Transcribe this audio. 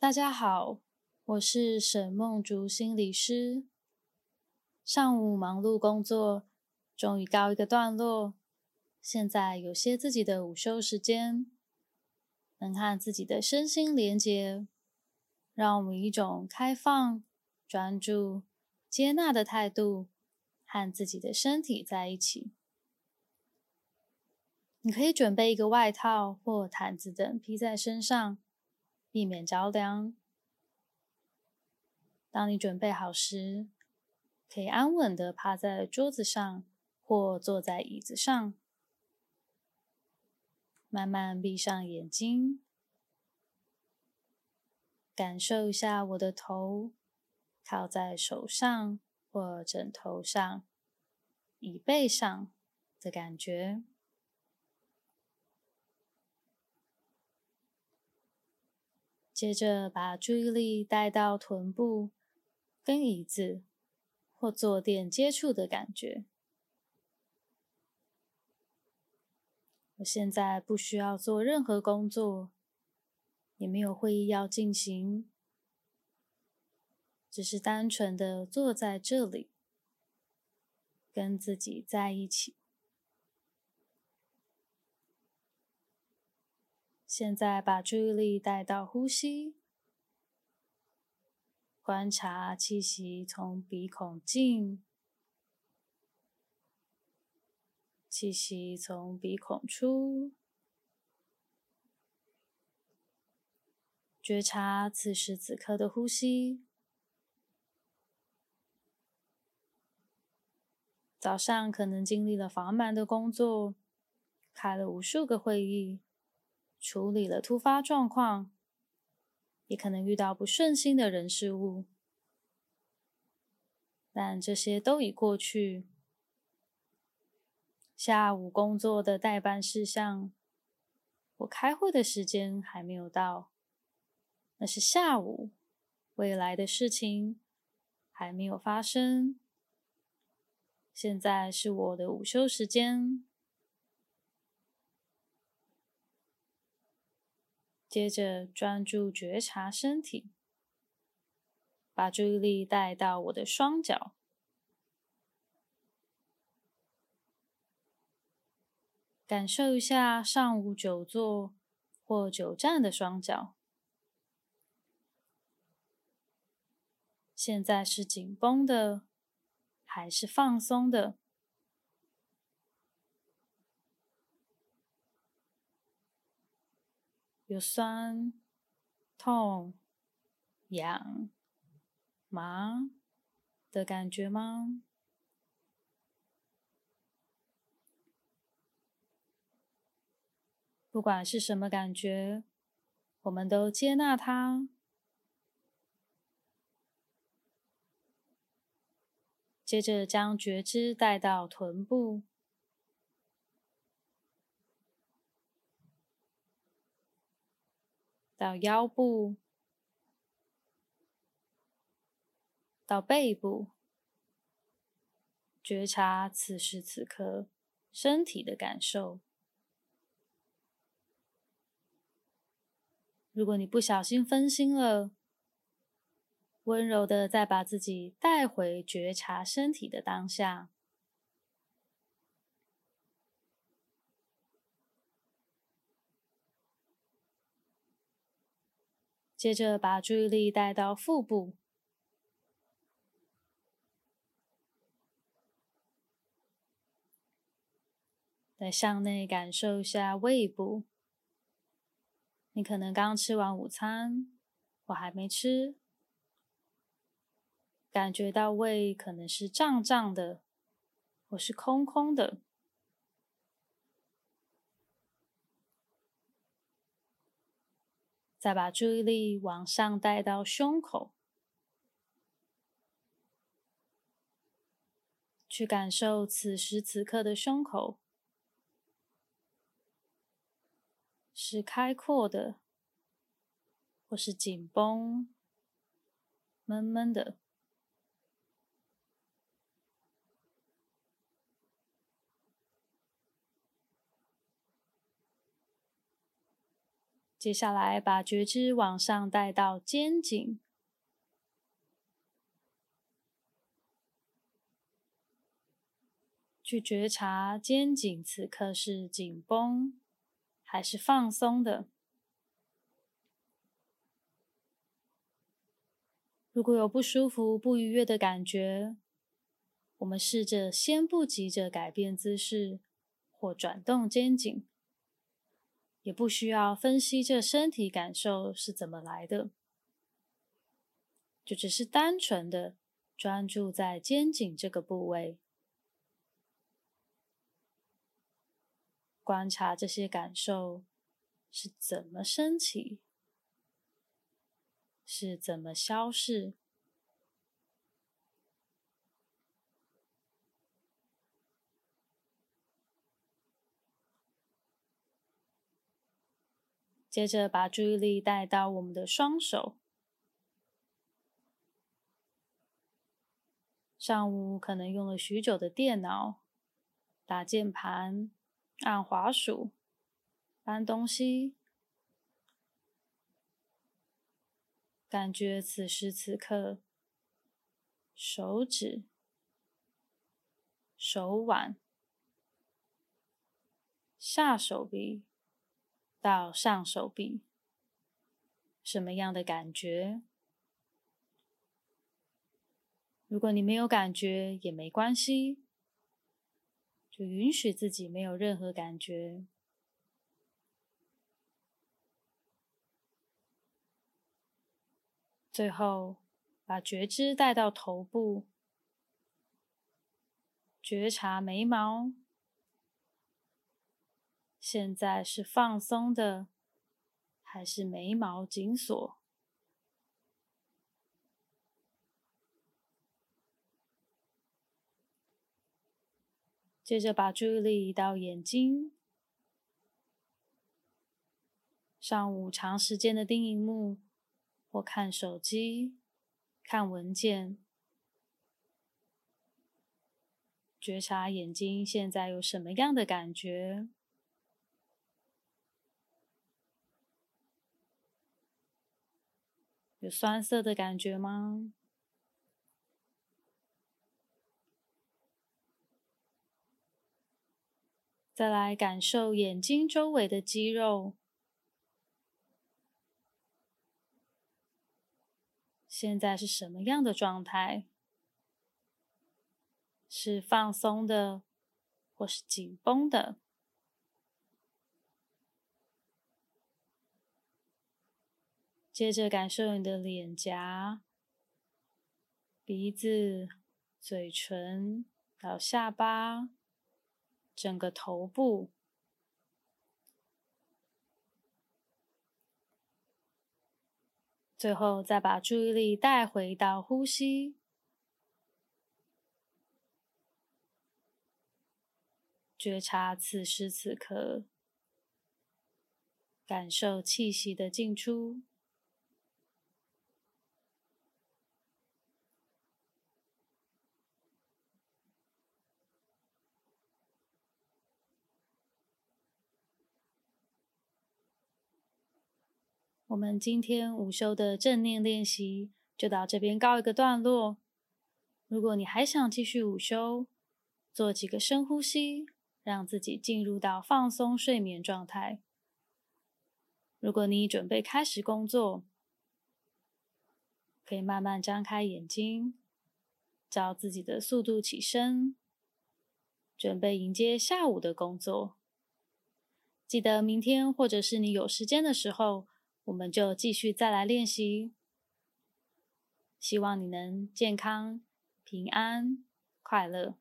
大家好，我是沈孟築心理師。上午忙碌工作，終於告一個段落，現在有些自己的午休時間，能和自己的身心連接。讓我們以一種開放、專注、接納的態度和自己的身體在一起。你可以準備一個外套或毯子等披在身上。避免着涼。當你準備好時，可以安穩地趴在桌子上或坐在椅子上，慢慢閉上眼睛，感受一下我的頭靠在手上或枕頭上、椅背上的感覺。接着把注意力帶到臀部跟椅子或坐墊接觸的感覺。我現在不需要做任何工作，也沒有會議要進行，只是單純的坐在這裡，跟自己在一起。現在把注意力帶到呼吸，觀察氣息從鼻孔進，氣息從鼻孔出，覺察此時此刻的呼吸。早上可能經歷了繁忙的工作，開了無數個會議。處理了突發狀況，也可能遇到不順心的人事物，但這些都已過去。下午工作的待辦事項，我開會的時間還沒有到，那是下午，未來的事情還沒有發生。現在是我的午休時間。接着專注覺察身體，把注意力帶到我的雙腳，感受一下上午久坐或久站的雙腳，現在是緊繃的，還是放鬆的？有酸、痛、癢、麻的感覺嗎？不管是什麼感覺，我們都接納它。接着將覺知帶到臀部。到腰部，到背部，覺察此時此刻身體的感受。如果你不小心分心了，溫柔的再把自己帶回覺察身體的當下。接着把注意力帶到腹部，再向內感受一下胃部。你可能剛吃完午餐，我還沒吃，感覺到胃可能是脹脹的，或是空空的。再把注意力往上帶到胸口，去感受此時此刻的胸口是開闊的，或是緊繃、悶悶的。接下來，把覺知往上帶到肩頸，去覺察肩頸此刻是緊繃還是放鬆的。如果有不舒服、不愉悅的感覺，我們試着先不急着改變姿勢或轉動肩頸。也不需要分析這身體感受是怎麼來的，就只是單純的專注在肩頸這個部位，觀察這些感受是怎麼升起，是怎麼消逝。接着把注意力帶到我們的雙手。上午可能用了許久的電腦，打鍵盤、按滑鼠、搬東西，感覺此時此刻，手指、手腕、下手臂。到上手臂，什麼樣的感覺？如果你沒有感覺，也沒關係，就允許自己沒有任何感覺。最後，把覺知帶到頭部，覺察眉毛。現在是放鬆的，還是眉毛緊鎖？接着把注意力移到眼睛。上午長時間的盯螢幕，或看手機、看文件，覺察眼睛現在有什麼樣的感覺？有酸澀的感覺嗎？再來感受眼睛周圍的肌肉，現在是什麼樣的狀態？是放鬆的，的，或是緊繃的？接着感受你的臉頰、鼻子、嘴唇到下巴，整個頭部，最後再把注意力帶回到呼吸，覺察此時此刻，感受氣息的進出。我們今天午休的正念練習就到這邊告一個段落。如果你還想繼續午休，做幾個深呼吸，讓自己進入到放鬆睡眠狀態。如果你準備開始工作，可以慢慢張開眼睛，照自己的速度起身，準備迎接下午的工作。記得明天或者是你有時間的時候。我們就繼續再來練習，希望你能健康、平安、快樂。